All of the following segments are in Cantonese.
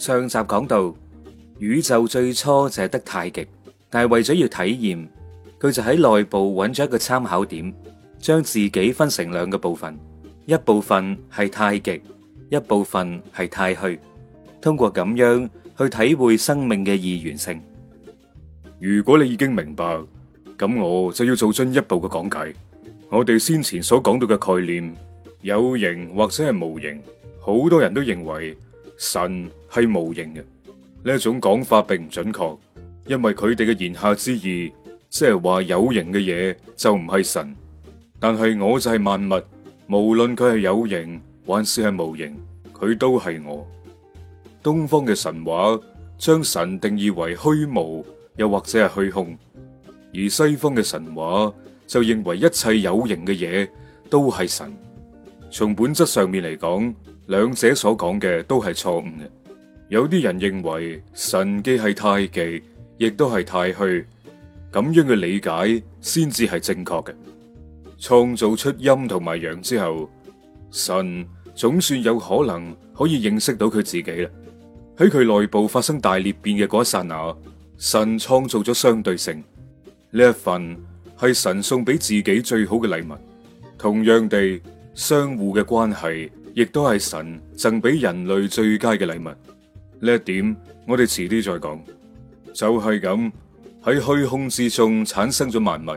上集講到宇宙最初就係得太極，但係為咗要體驗，佢就喺內部揾咗一個參考點，將自己分成兩個部分，一部分係太極，一部分係太虛。通過咁樣去體會生命嘅二元性。如果你已經明白，咁我就要做進一步嘅講解。我哋先前所講到嘅概念，有形或者係無形，好多人都認為。神係無形嘅呢一種講法並唔準確，因為佢哋嘅言下之意，即係話有形嘅嘢，就唔係神，但係我就係萬物，無論佢係有形還是係無形，佢都係我。東方嘅神話將神定義為虛無，又或者係虛空；而西方嘅神話就認為一切有形嘅嘢都係神。從本質上面嚟講，兩者所講嘅都係錯誤嘅。有啲人認為神既係太極，亦都係太虛，咁樣嘅理解先至係正確嘅。創造出陰同埋陽之後，神總算有可能可以認識到佢自己啦。喺佢內部發生大裂變嘅嗰一剎那，神創造咗相對性。呢一份係神送俾自己最好嘅禮物。同樣地。相互嘅關係，亦都係神贈俾人類最佳嘅禮物。呢一點我哋遲啲再講。就係咁喺虛空之中產生咗萬物。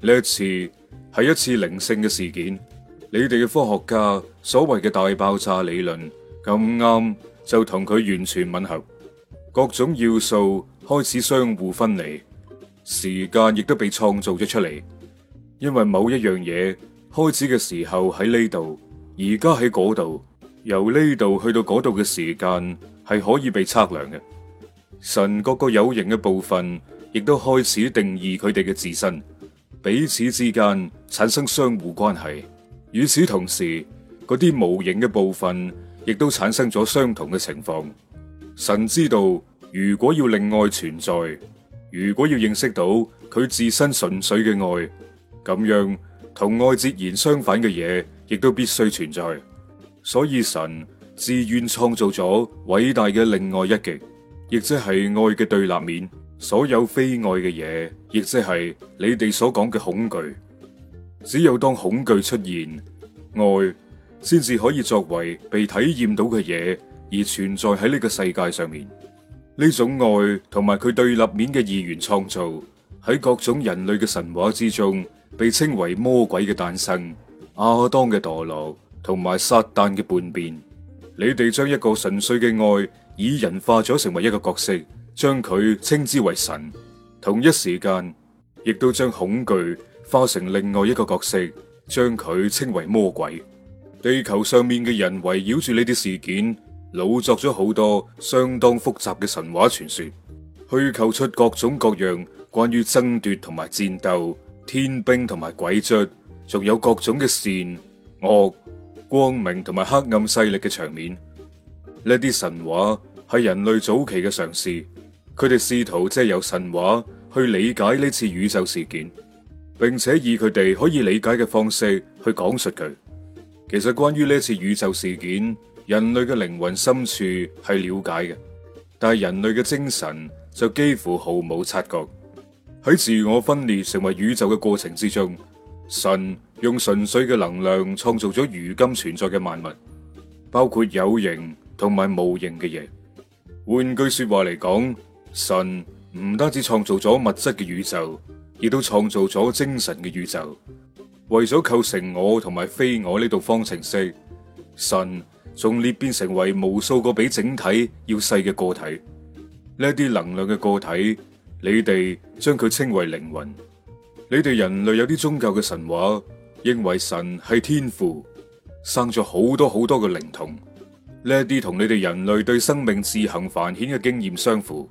呢一次係一次靈性嘅事件。你哋嘅科學家所謂嘅大爆炸理論咁啱就同佢完全吻合。各種要素開始相互分離，時間亦都被創造咗出嚟。因為某一樣嘢。開始嘅時候喺呢度，而家喺嗰度，由呢度去到嗰度嘅時間係可以被測量嘅。神各個有形嘅部分，亦都開始定義佢哋嘅自身，彼此之間產生相互關係。與此同時，嗰啲無形嘅部分亦都產生咗相同嘅情況。神知道，如果要令愛存在，如果要認識到佢自身純粹嘅愛，咁樣。同愛截然相反嘅嘢，亦都必須存在。所以神自願創造咗偉大嘅另外一極，亦即係愛嘅對立面。所有非愛嘅嘢，亦即係你哋所講嘅恐懼。只有當恐懼出現，愛先至可以作為被體驗到嘅嘢而存在喺呢個世界上面。呢種愛同埋佢對立面嘅意願創造，喺各種人類嘅神話之中，被稱為魔鬼嘅誕生，亞當嘅墮落同埋撒旦嘅叛變。你哋將一個純粹嘅愛以人化咗成為一個角色，將佢稱之為神；同一時間，亦都將恐懼化成另外一個角色，將佢稱為魔鬼。地球上面嘅人圍繞住呢啲事件，老作咗好多相當複雜嘅神話傳說，虛構出各種各樣關於爭奪同埋戰鬥。天兵同埋鬼卒，仲有各種嘅善惡、光明同埋黑暗勢力嘅場面。呢啲神話係人類早期嘅嘗試，佢哋試圖借由神話去理解呢次宇宙事件，並且以佢哋可以理解嘅方式去講述佢。其實關於呢次宇宙事件，人類嘅靈魂深處係了解嘅，但係人類嘅精神就幾乎毫無察覺。喺自我分裂成為宇宙嘅過程之中，神用純粹嘅能量創造咗如今存在嘅萬物，包括有形同埋無形嘅嘢。換句說話嚟講，神唔單止創造咗物質嘅宇宙，亦都創造咗精神嘅宇宙。為咗構成我同埋非我呢度方程式，神仲裂變成為無數個比整體要細嘅個體，呢啲能量嘅個體。你哋將佢稱為靈魂，你哋人類有啲宗教嘅神話認為神係天父生咗好多好多嘅靈童，呢一啲同你哋人類對生命自行繁衍嘅經驗相符。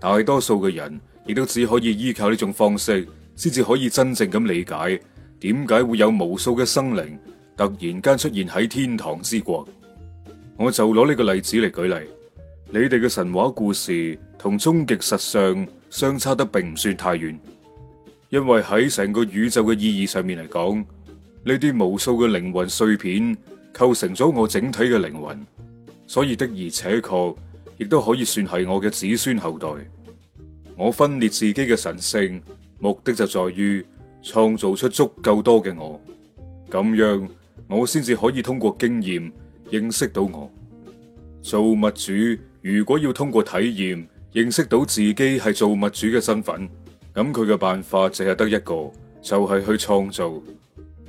大多數嘅人亦都只可以依靠呢種方式，先至可以真正咁理解點解會有無數嘅生靈突然間出現喺天堂之國。我就攞呢個例子嚟舉例，你哋嘅神話故事同終極實相。相差得並唔算太遠，因為喺成個宇宙嘅意義上面嚟講，呢啲無數嘅靈魂碎片構成咗我整體嘅靈魂，所以的而且確亦都可以算係我嘅子孫後代。我分裂自己嘅神性，目的就在於創造出足夠多嘅我，咁樣我先至可以通過經驗認識到我。造物主如果要通過體驗。認識到自己係造物主嘅身份，咁佢嘅辦法淨係得一個，就係去創造。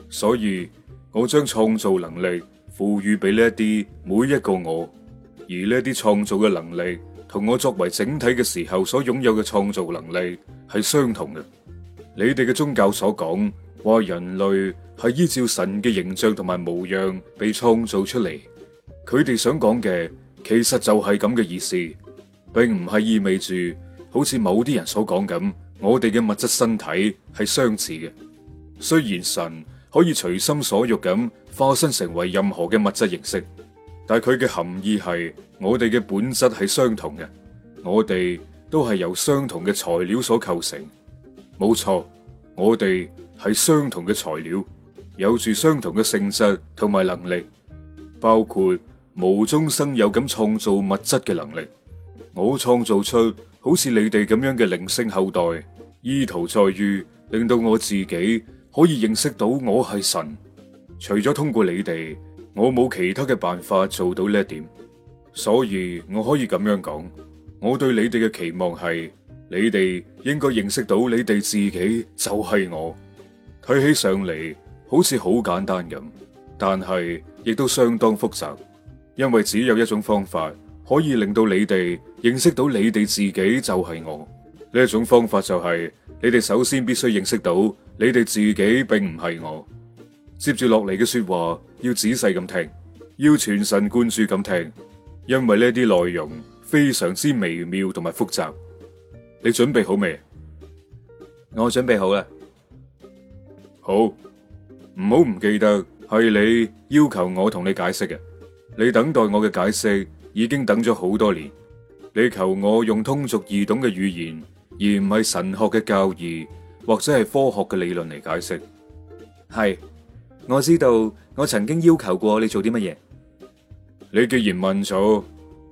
所以，我將創造能力賦予俾呢一啲每一個我，而呢一啲創造嘅能力同我作為整體嘅時候所擁有嘅創造能力係相同嘅。你哋嘅宗教所講話，人類係依照神嘅形象同埋模樣被創造出嚟，佢哋想講嘅其實就係咁嘅意思。並唔係意味住，好似某啲人所講咁，我哋嘅物質身體係相似嘅。雖然神可以隨心所欲咁化身成為任何嘅物質形式，但係佢嘅含義係我哋嘅本質係相同嘅。我哋都係由相同嘅材料所構成，冇錯。我哋係相同嘅材料，有住相同嘅性質同埋能力，包括無中生有咁創造物質嘅能力。我創造出好似你哋咁樣嘅靈性後代，意圖在於令到我自己可以認識到我係神。除咗通過你哋，我冇其他嘅辦法做到呢一點。所以我可以咁樣講，我對你哋嘅期望係，你哋應該認識到你哋自己就係我。睇起上嚟好似好簡單咁，但係亦都相當複雜，因為只有一種方法。可以令到你哋認識到你哋自己就係我。呢一種方法就係、是、你哋首先必須認識到你哋自己並唔係我。接住落嚟嘅說話要仔細咁聽，要全神貫注咁聽，因為呢啲內容非常之微妙同埋複雜。你準備好未？我準備好啦。好，唔好唔記得係你要求我同你解釋嘅，你等待我嘅解釋。已經等咗好多年，你求我用通俗易懂嘅語言，而唔係神學嘅教義或者係科學嘅理論嚟解釋。係，我知道我曾經要求過你做啲乜嘢。你既然問咗，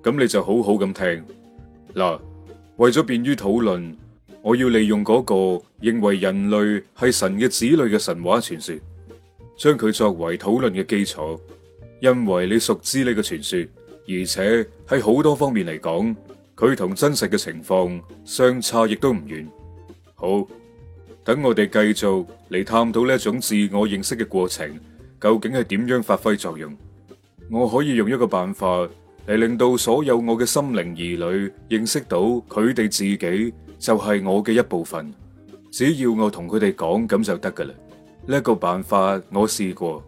咁你就好好咁聽。嗱，為咗便於討論，我要利用嗰個認為人類係神嘅子女嘅神話傳說，將佢作為討論嘅基礎，因為你熟知呢個傳說。而且喺好多方面嚟講，佢同真實嘅情況相差亦都唔遠。好，等我哋繼續嚟探討呢種自我認識嘅過程，究竟係點樣發揮作用？我可以用一個辦法嚟令到所有我嘅心靈兒女認識到佢哋自己就係我嘅一部分。只要我同佢哋講咁就得噶啦。呢個辦法我試過，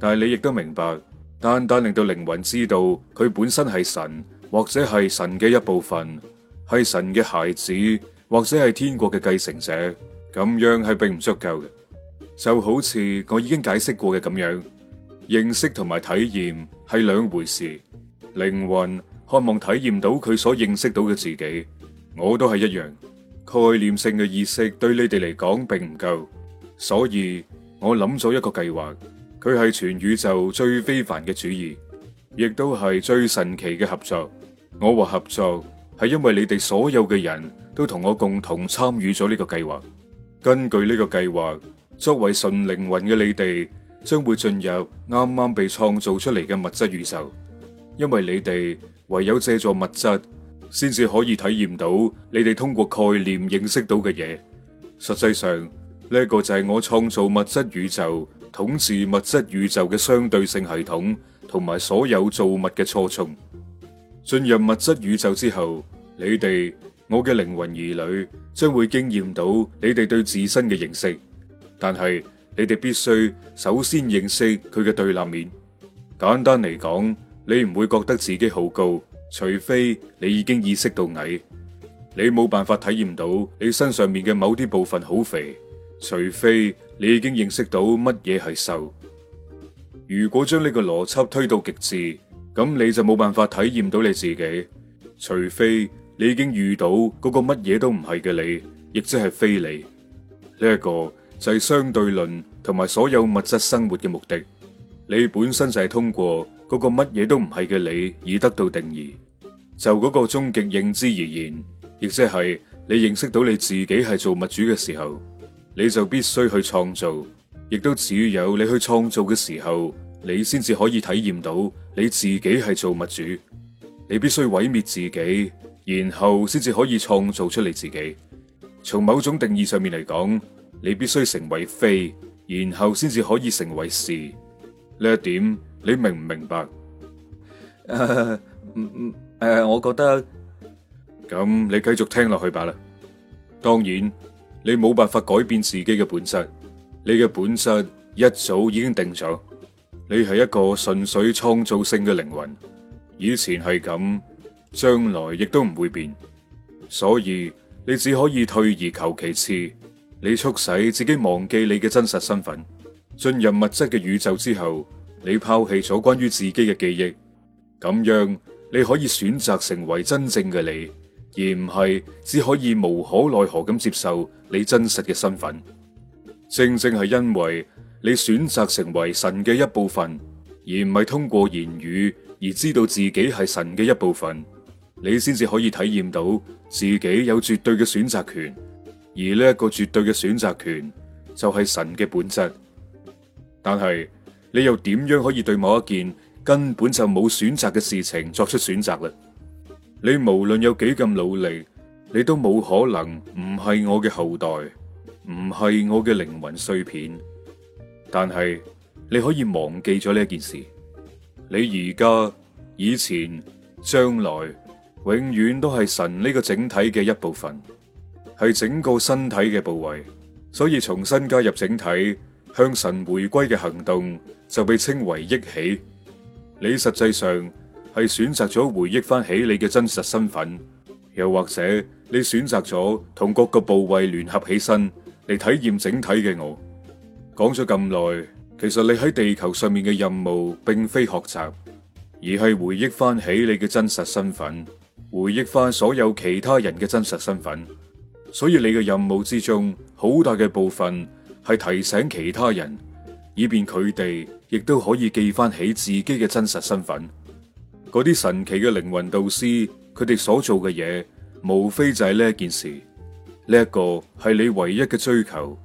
但係你亦都明白。單單令到靈魂知道佢本身係神或者係神嘅一部分，係神嘅孩子或者係天國嘅繼承者，咁樣係並唔足夠嘅。就好似我已經解釋過嘅咁樣，認識同埋體驗係兩回事。靈魂渴望體驗到佢所認識到嘅自己，我都係一樣。概念性嘅意識對你哋嚟講並唔夠，所以我諗咗一個計劃。佢係全宇宙最非凡嘅主意，亦都係最神奇嘅合作。我話合作係因為你哋所有嘅人都同我共同參與咗呢個計劃。根據呢個計劃，作為純靈魂嘅你哋，將會進入啱啱被創造出嚟嘅物質宇宙。因為你哋唯有借助物質，先至可以體驗到你哋通過概念認識到嘅嘢。實際上，呢個就係我創造物質宇宙統治物質宇宙嘅相對性系統，同埋所有造物嘅初衷。進入物質宇宙之後，你哋我嘅靈魂兒女將會經驗到你哋對自身嘅認識，但係你哋必須首先認識佢嘅對立面。簡單嚟講，你唔會覺得自己好高，除非你已經意識到矮。你冇辦法體驗到你身上面嘅某啲部分好肥，除非。你已經認識到乜嘢係受？如果將呢個邏輯推到極致，咁你就冇辦法體驗到你自己，除非你已經遇到嗰個乜嘢都唔係嘅你，亦即係非你。呢一個就係相對論同埋所有物質生活嘅目的。你本身就係通過嗰個乜嘢都唔係嘅你，而得到定義。就嗰個終極認知而言，亦即係你認識到你自己係做物主嘅時候。你就必須去創造，亦都只有你去創造嘅時候，你先至可以體驗到你自己係造物主。你必須毀滅自己，然後先至可以創造出你自己。從某種定義上面嚟講，你必須成為非，然後先至可以成為是。呢一點你明唔明白？誒，uh, uh, 我覺得咁，你繼續聽落去吧啦。當然。你冇辦法改變自己嘅本質，你嘅本質一早已經定咗。你係一個純粹創造性嘅靈魂，以前係咁，將來亦都唔會變。所以你只可以退而求其次，你促使自己忘記你嘅真實身份，進入物質嘅宇宙之後，你拋棄咗關於自己嘅記憶，咁樣你可以選擇成為真正嘅你。而唔係只可以無可奈何咁接受你真實嘅身份，正正係因為你選擇成為神嘅一部分，而唔係通過言語而知道自己係神嘅一部分，你先至可以體驗到自己有絕對嘅選擇權。而呢一個絕對嘅選擇權就係神嘅本質。但係你又點樣可以對某一件根本就冇選擇嘅事情作出選擇嘞？你無論有幾咁努力，你都冇可能唔係我嘅後代，唔係我嘅靈魂碎片。但係你可以忘記咗呢件事，你而家、以前、將來，永遠都係神呢個整體嘅一部分，係整個身體嘅部位。所以重新加入整體，向神回歸嘅行動就被稱為憶起。你實際上，係選擇咗回憶翻起你嘅真實身份，又或者你選擇咗同各個部位聯合起身嚟體驗整體嘅我。講咗咁耐，其實你喺地球上面嘅任務並非學習，而係回憶翻起你嘅真實身份，回憶翻所有其他人嘅真實身份。所以你嘅任務之中，好大嘅部分係提醒其他人，以便佢哋亦都可以記翻起自己嘅真實身份。嗰啲神奇嘅靈魂導師，佢哋所做嘅嘢，無非就係呢一件事。呢一個係你唯一嘅追求，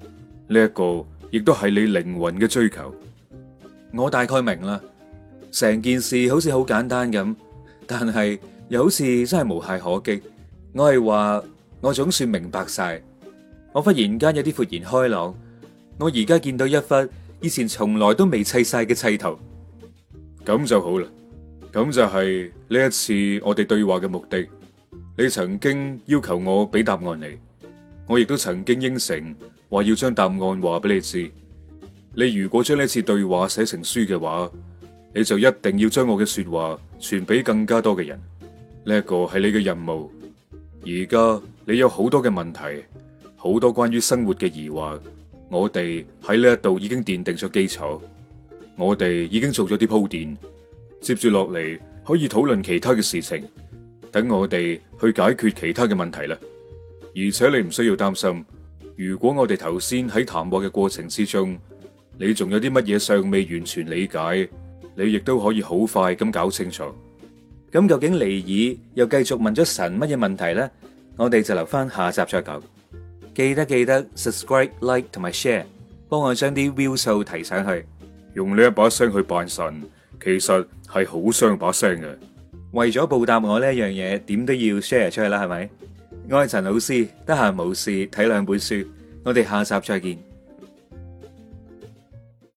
呢一個亦都係你靈魂嘅追求。我大概明啦，成件事好似好簡單咁，但係又好似真係無懈可擊。我係話，我總算明白晒。我忽然間有啲豁然開朗，我而家見到一忽以前從來都未砌晒嘅砌頭，咁就好啦。咁就係呢一次我哋對話嘅目的。你曾經要求我俾答案你，我亦都曾經應承話要將答案話俾你知。你如果將呢次對話寫成書嘅話，你就一定要將我嘅說話傳俾更加多嘅人。呢一個係你嘅任務。而家你有好多嘅問題，好多關於生活嘅疑惑，我哋喺呢一度已經奠定咗基礎，我哋已經做咗啲鋪墊。接住落嚟可以討論其他嘅事情，等我哋去解決其他嘅問題啦。而且你唔需要擔心，如果我哋頭先喺談話嘅過程之中，你仲有啲乜嘢尚未完全理解，你亦都可以好快咁搞清楚。咁究竟尼爾又繼續問咗神乜嘢問題咧？我哋就留翻下集再講。記得記得 subscribe、like 同埋 share，幫我將啲 view 數提上去。用呢一把聲去扮神，其實，係好傷把聲嘅，為咗報答我呢一樣嘢，點都要 share 出去啦，係咪？我係陳老師，得閒冇事睇兩本書，我哋下集再見。